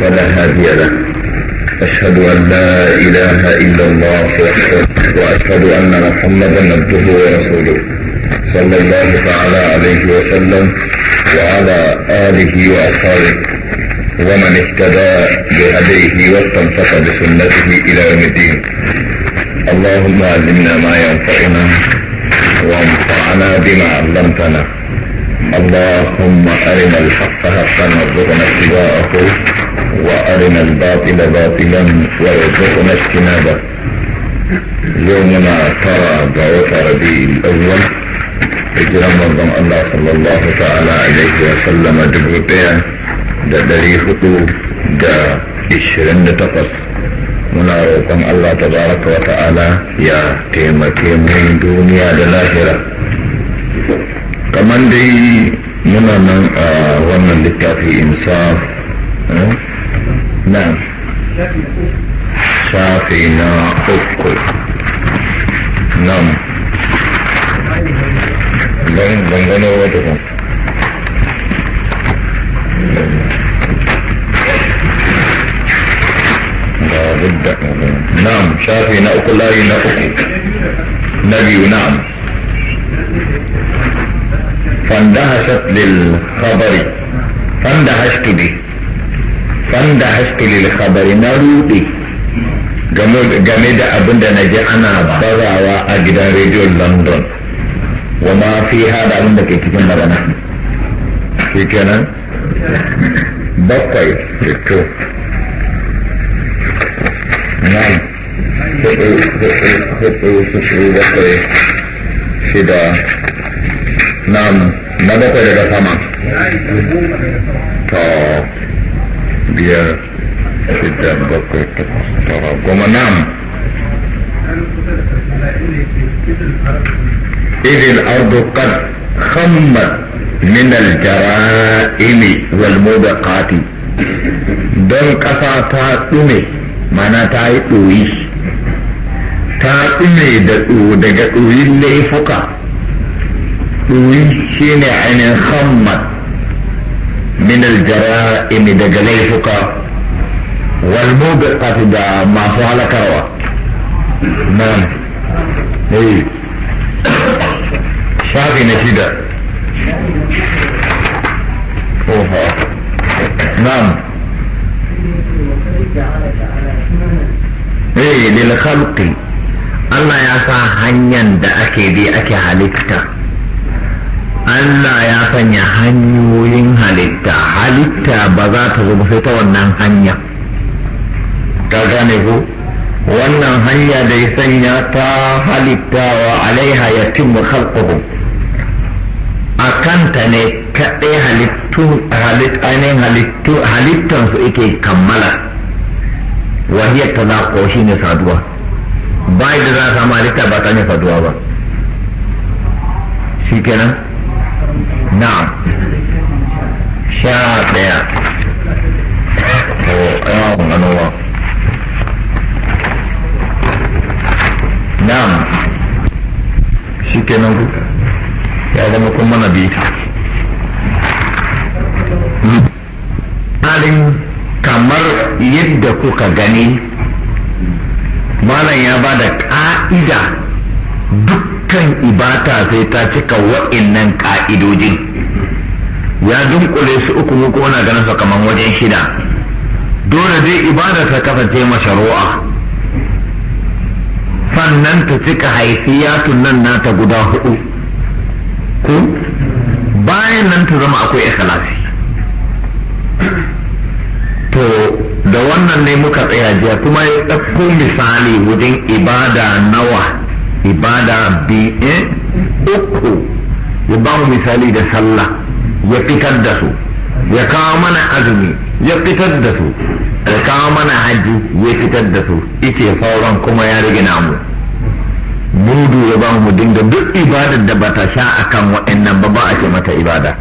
فلا هادي له أشهد أن لا إله إلا الله وحده وأشهد أن محمدا عبده ورسوله صلى الله تعالى عليه وسلم وعلى آله وأصحابه ومن اهتدى بهديه واستمسك بسنته إلى يوم الدين اللهم علمنا ما ينفعنا وانفعنا بما علمتنا اللهم أرنا الحق حقا وارزقنا اتباعه وأرنا الباطل باطلا وارزقنا اجتنابه يومنا ترى ضعف ربيع الأول هجرة منظم الله صلى الله تعالى عليه وسلم دبوتيا da ɗari hudu da ishirin da takwas muna roƙon Allah ta wa ta'ala ya taimake mu duniya da lahira kamar dai muna nan a wannan littafi insa نعم شافينا أفقل نعم لين لين وجههم لابد نعم شافي نأكل نعم. لا نعم. ينأكل نبي نعم فاندهشت للخبر فاندهشت به sanda haske lil na rude game da abin da na ji ana barawa a gidan rediyo london wa ma fi hada abin da ke cikin magana shi kenan bakwai fito bakwai shida na bakwai daga sama to biyar shida bakwai tara goma nam إذ الأرض قد خمت من الجرائم والموبقات don kasa ta dume mana ta yi ɗoyi ta tsume daga ɗoyin laifuka ɗoyi shine ainihin hammat من الجرائم دجليفك والموبقة دا ما فعل كروا نعم اي شافي نشيدة اوفا نعم اي للخلق الله يا hanyar da بي اكي عليك halitta Allah ya sanya hanyoyin halitta halitta ba za ta zo sai ta wannan hanya ka gane ko wannan hanya da ya sanya ta halitta wa alaiha ya timmu khalquhum a kanta ne kaɗai halittun halittansu ike kammala wahiyar ta zaƙo shi ne saduwa bai da za a samu halitta ba ta ne saduwa ba shi kenan na'am sha daya to oh, yawon ganuwa na'am shi kenan ku ya zama kun mana bita halin kamar yadda kuka gani malam ya ba da ƙa'ida dukkan ibata sai ta cika wa'innan ƙa'idojin ya dunkule su uku mu kona ganin sa kaman wajen shida dole dai ibada ta kasance masharu'a sannan ta cika haifiyatun nan ta guda hudu ko bayan nan ta zama akwai ikhlasi to da wannan ne muka tsaya jiya kuma ya ɗauko misali wajen ibada nawa ibada biye eh? uku ya ba mu misali da sallah ya fitar da su ya kawo mana azumi ya fitar da su ya kawo mana hajji ya fitar da su ice sauran kuma ya rage namu mudu ya ba mu dinga duk ibadar da bata sha a kan waɗannan ba ba a ce mata ibada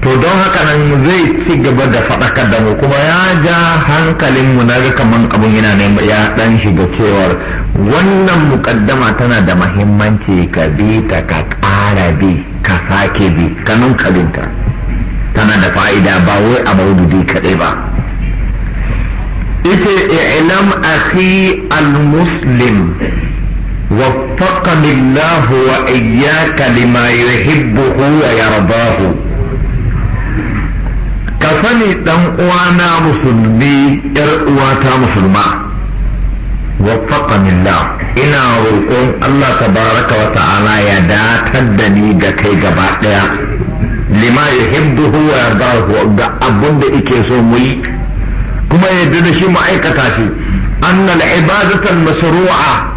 to don haka nan zai ci gaba da faɗakar da mu kuma ya ja hankalin na ga kaman abun yana ne ya dan shiga cewar wannan mukaddama tana da mahimmanci ka bi ta ka ƙara bi ka sake bi ka nunka tana da fa'ida ba wai a maududi kaɗai ba ita i'lam akhi al-muslim وفقني الله وإياك لما يحبه ويرضاه كفني دم وانا مسلمي ار واتا wafaqani Allah ina roƙon Allah tabaraka wa ta'ala ya datar da ni da kai gaba daya lima yuhibbu wa yardahu ga abun da yake so muyi kuma ya dana shi mu aikata shi annal ibadatu masrua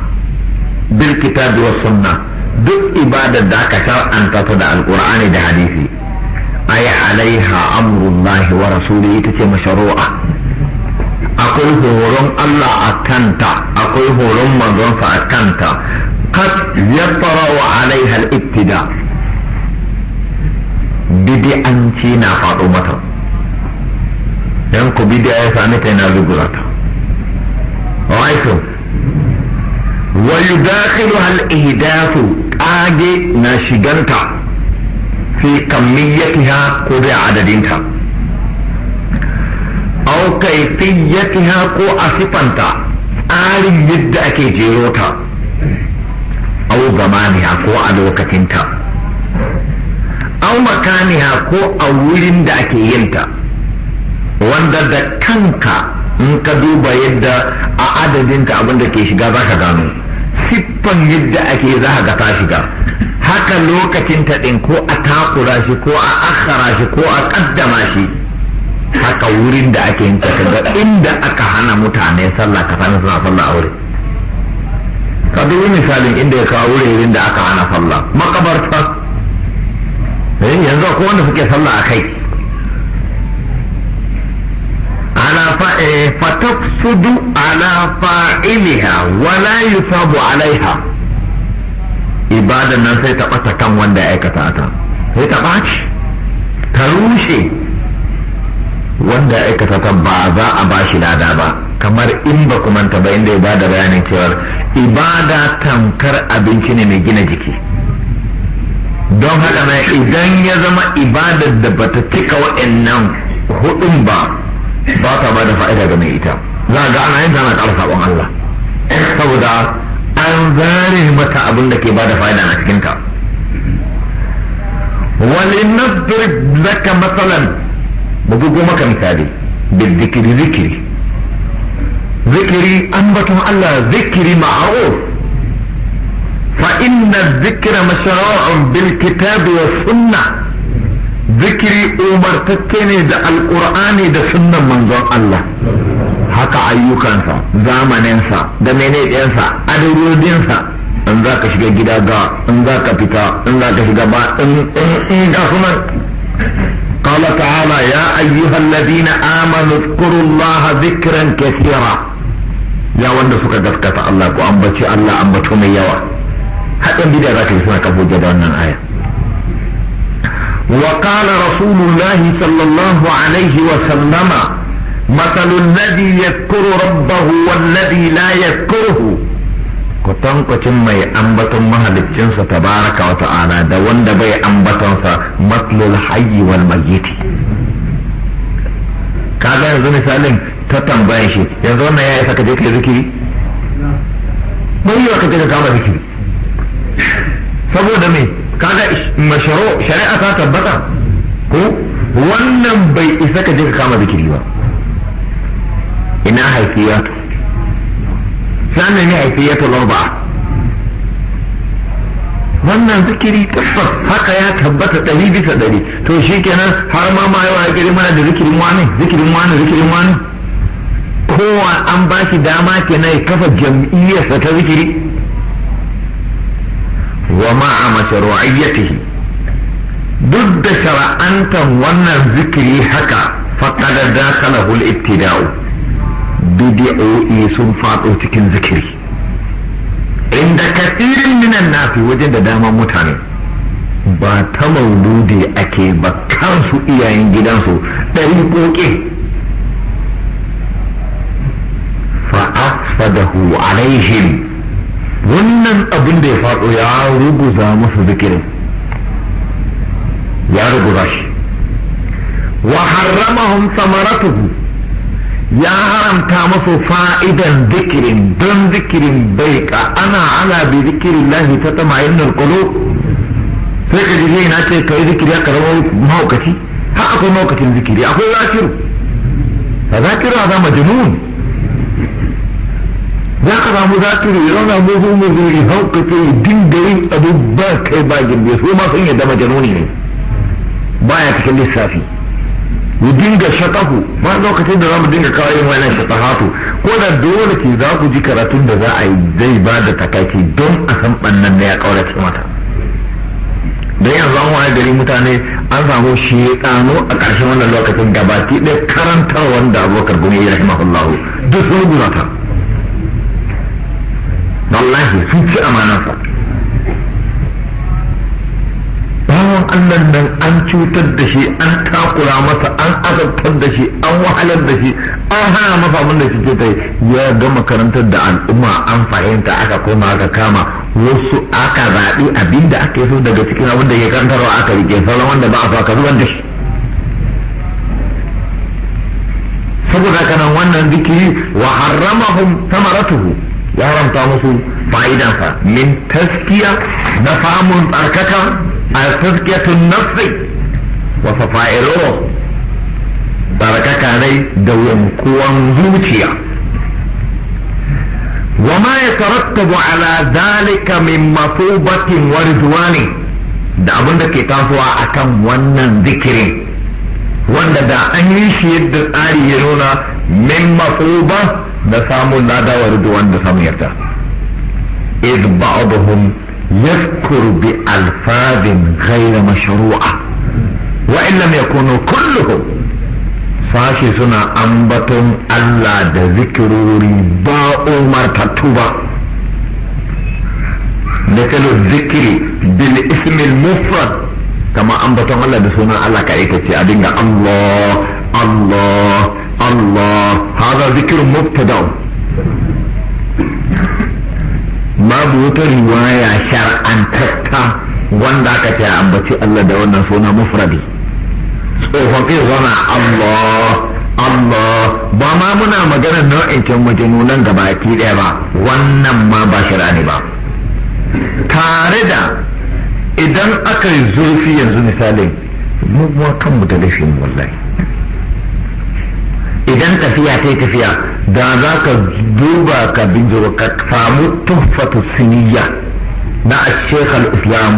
bil kitab wa sunnah duk ibadar da aka sharanta da alqur'ani da hadisi ay alaiha amru Allah wa rasulihi tace masrua akwai horon Allah a kanta akwai horon manzonsa a kanta kat ya wa alaiha al-ibtida bid'anci na faɗo mata dan ku bid'a ya sami na yana ta wa'aikum wa yudakhilu al-ihdathu ƙage na shiganta fi kammiyatiha ko a adadinta au kaifiyatiha ko a sifanta tsarin yadda ake jero ta au zamaniha ko a lokacinta au makaniha ko a wurin da ake yinta wanda da kanka in ka duba yadda a adadinta abinda ke shiga za ka gano siffan yadda ake za ga ta shiga haka lokacin ta ɗin ko a takura shi ko a akhara shi ko a ƙaddama shi haka wurin da ake yin takarda inda aka hana mutane sallah ka sami suna sallah a wurin ka dubi misalin inda ya kawo wurin da aka hana sallah makabarta eh, yanzu ko wanda suke sallah a kai فتفسد على فاعلها ولا ibadan nan sai ta ɓata kan wanda ya aikata ta sai ta ce ta rushe wanda ya aikata ta ba za a ba shi lada ba kamar in ba kumanta ba inda ya ba da bayanin cewa ibada tamkar abinci ne mai gina jiki don haka na idan ya zama ibadar da ba bata cika waɗannan hudun ba ba ta ba da fa'ida ga mai ita za ga ana yin tana ƙara sabon Allah saboda an zare mata abin da ke ba da fa'ida na cikinta wani nasbir zaka matsalan bugu maka misali bil zikiri zikiri zikiri ambaton Allah zikiri ma'ruf fa inna zikira mashra'un bil kitabi was sunna zikiri umartacce ne da alkur'ani da sunnan manzon Allah haka ayyukansa zamaninsa da menediyansa adadodinsa in za ka shiga gida ga in za ka fita in za ka shiga ba in ga قال تعالى يا أيها الذين آمنوا اذكروا الله ذكرا كثيرا يا وند سكا دفكة الله وأنبتي الله أنبتو من يوا حتى بدأ ذاك اسمها كفو جدوانا آية وقال رسول الله صلى الله عليه وسلم مثل الذي يذكر ربه والذي لا يذكره kwatankwacin mai ambaton mahaliccinsa baraka wa ta'ala da wanda bai ambatonsa matlul hayyi wal mayyiti kaga yanzu misalin ta tambaye shi yanzu wannan ya yi saka je kai zikiri bai yi wa ka je ka kama zikiri saboda me kaga masharo shari'a ta tabbata ko wannan bai isa ka je ka kama zikiri ba ina haifiya sannan ne aifiyatul arba'a wannan zikiri tabbas haka ya tabbata ɗari bisa ɗari to shi kenan har ma ma yawa ya mana da zikirin wani zikirin wani zikirin wani kowa an ba shi dama kenan ya kafa jam'iyyarsa ta zikiri wa ma'a mashru'iyyatihi duk da shara'antar wannan zikiri haka faqad dakhalahu al-ibtida'u bidi'o'i sun faɗo cikin zikiri inda kafirin minan nafi wajen da dama mutane ba ta mauludi ake ba kansu iyayen gidansu ɗari koke fa'asfadahu alaihim wannan abin da ya faɗo ya ruguza masu zikirin ya ruguza shi wa harramahum samaratuhu ya haramta musu fa'idan zikirin don zikirin bai ka ana ala bi zikirin lahi ta tama yin qulub sai ka jirgin na ce ka yi zikiri aka rama mahaukaci har akwai mahaukacin zikiri akwai zakiru a zakiru a zama junun za ka samu zakiru ya zauna mugu mugu ya haukace ya dinga yin kai ba gindi su ma sun yadda majanuni ne baya cikin lissafi Ku dinga shakahu ba lokacin da za mu dinga kawo yin wannan shakahatu ko da dole ke za ku ji karatun da za a yi zai ba da takaki don a san bannan da ya kaurace mata don yanzu an wani gari mutane an samu shekano a ƙarshen wannan lokacin gabaki ɗaya karantar wanda abokar gumi ya rahimahullahu duk sun gudata wallahi sun ci ku bawan annan nan an cutar da shi an takura masa an azabtar da shi an wahalar da shi an hana masa abin da shi ta ya gama makarantar da al'umma an fahimta aka koma aka kama wasu aka zaɓi abin da aka yi so daga cikin abin da ke karantarwa aka rike sauran wanda ba a so aka zubar da shi saboda haka nan wannan zikiri wa harramahum samaratuhu ya haramta musu fa'idansa min taskiya na samun tsarkaka التزكية النفس وصفاء الروح بركك علي دوم قوان زوجيا وما يترتب على ذلك من مثوبة ورضوان da abin da ke tasowa a kan wannan zikirin wanda da an yi shi yadda tsari ya nuna min matsuba na samun ladawa da wanda samun yarda iz ba'dhum يذكر بألفاظ غير مشروعة وإن لم يكونوا كلهم sashi suna ambaton Allah da zikirori ba umar ba da kalu zikiri bil ismil mufrad kama ambaton Allah da suna Allah ka ce a dinga Allah Allah Allah hada zikirin mubtada babu wata riwaya shar'antatta wanda aka ce ambaci Allah da wannan suna mufradi tsohon kai zana Allah Allah ba ma muna maganar nau'in can gaba baki daya ba wannan ma ba shira ne ba tare da idan aka yi zurfi yanzu misalin mu kanmu da lafiyar wallahi idan tafiya ta tafiya da za ka duba ka bincika ka samu tuffatu siniya na a al-islam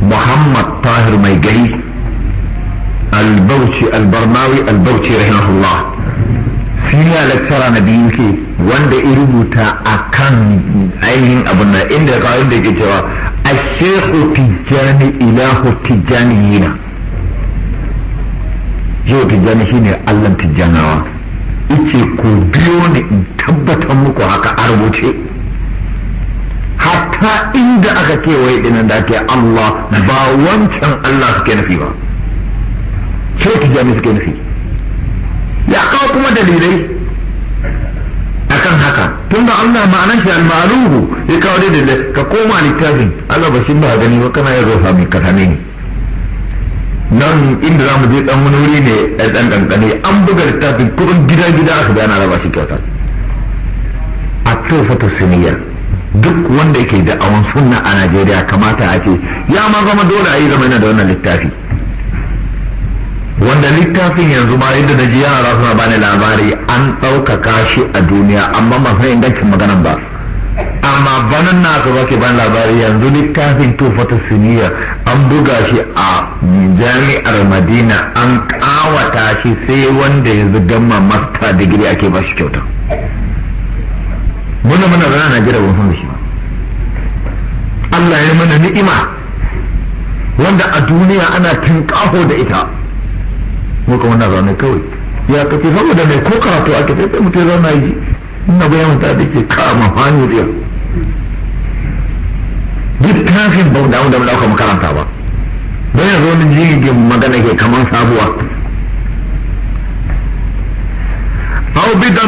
muhammad tahir mai gari albauchi albarnawi albauchi rahimahullah siniya lecturer na biyu ke wanda ya rubuta a kan ainihin abin nan inda ya kawo da ke cewa ashekhu tijjani ilahu tijjani yina yau tijjani shine allan tijjanawa yake ku biyo ne in tabbatar muku haka a rubuce hatta inda aka kewaye dinan da ake Allah ba wancan Allah suke nufi ba sai jami suke nufi ya kawo kuma dalilai akan haka tun da Allah ma'anar shi al-ma'luhu ya kawo dalilai ka koma littafin Allah ba shi ba gani ba kana yin rofa mai kasane ne nan inda za mu je dan wani wuri ne a eh, dan an buga littafin kuɗin gida-gida aka bayana raba shi kyauta a tsofata siniyar duk wanda yake da awon sunna a najeriya kamata a ce ya ma zama dole a yi zama yana da wannan littafi wanda littafin yanzu ma yadda na ji su na bani labari an ɗaukaka shi a duniya amma ba san ingancin maganan ba amma banan na aka baki ban labari yanzu littafin tufata siniya an buga shi a jami'ar madina an kawata shi sai wanda ya gama masta digiri ake ba shi kyauta muna muna zana najeriya ban san da shi allah ya mana ni'ima wanda a duniya ana kaho da ita muka wannan zaune kawai ya kafi saboda mai ko karatu ake sai mutum zauna yi ina bayan wata da ke kama hanyar yau littafin ba da da dauka makaranta ba bai yanzu wani jirgin magana ke kamar sabuwa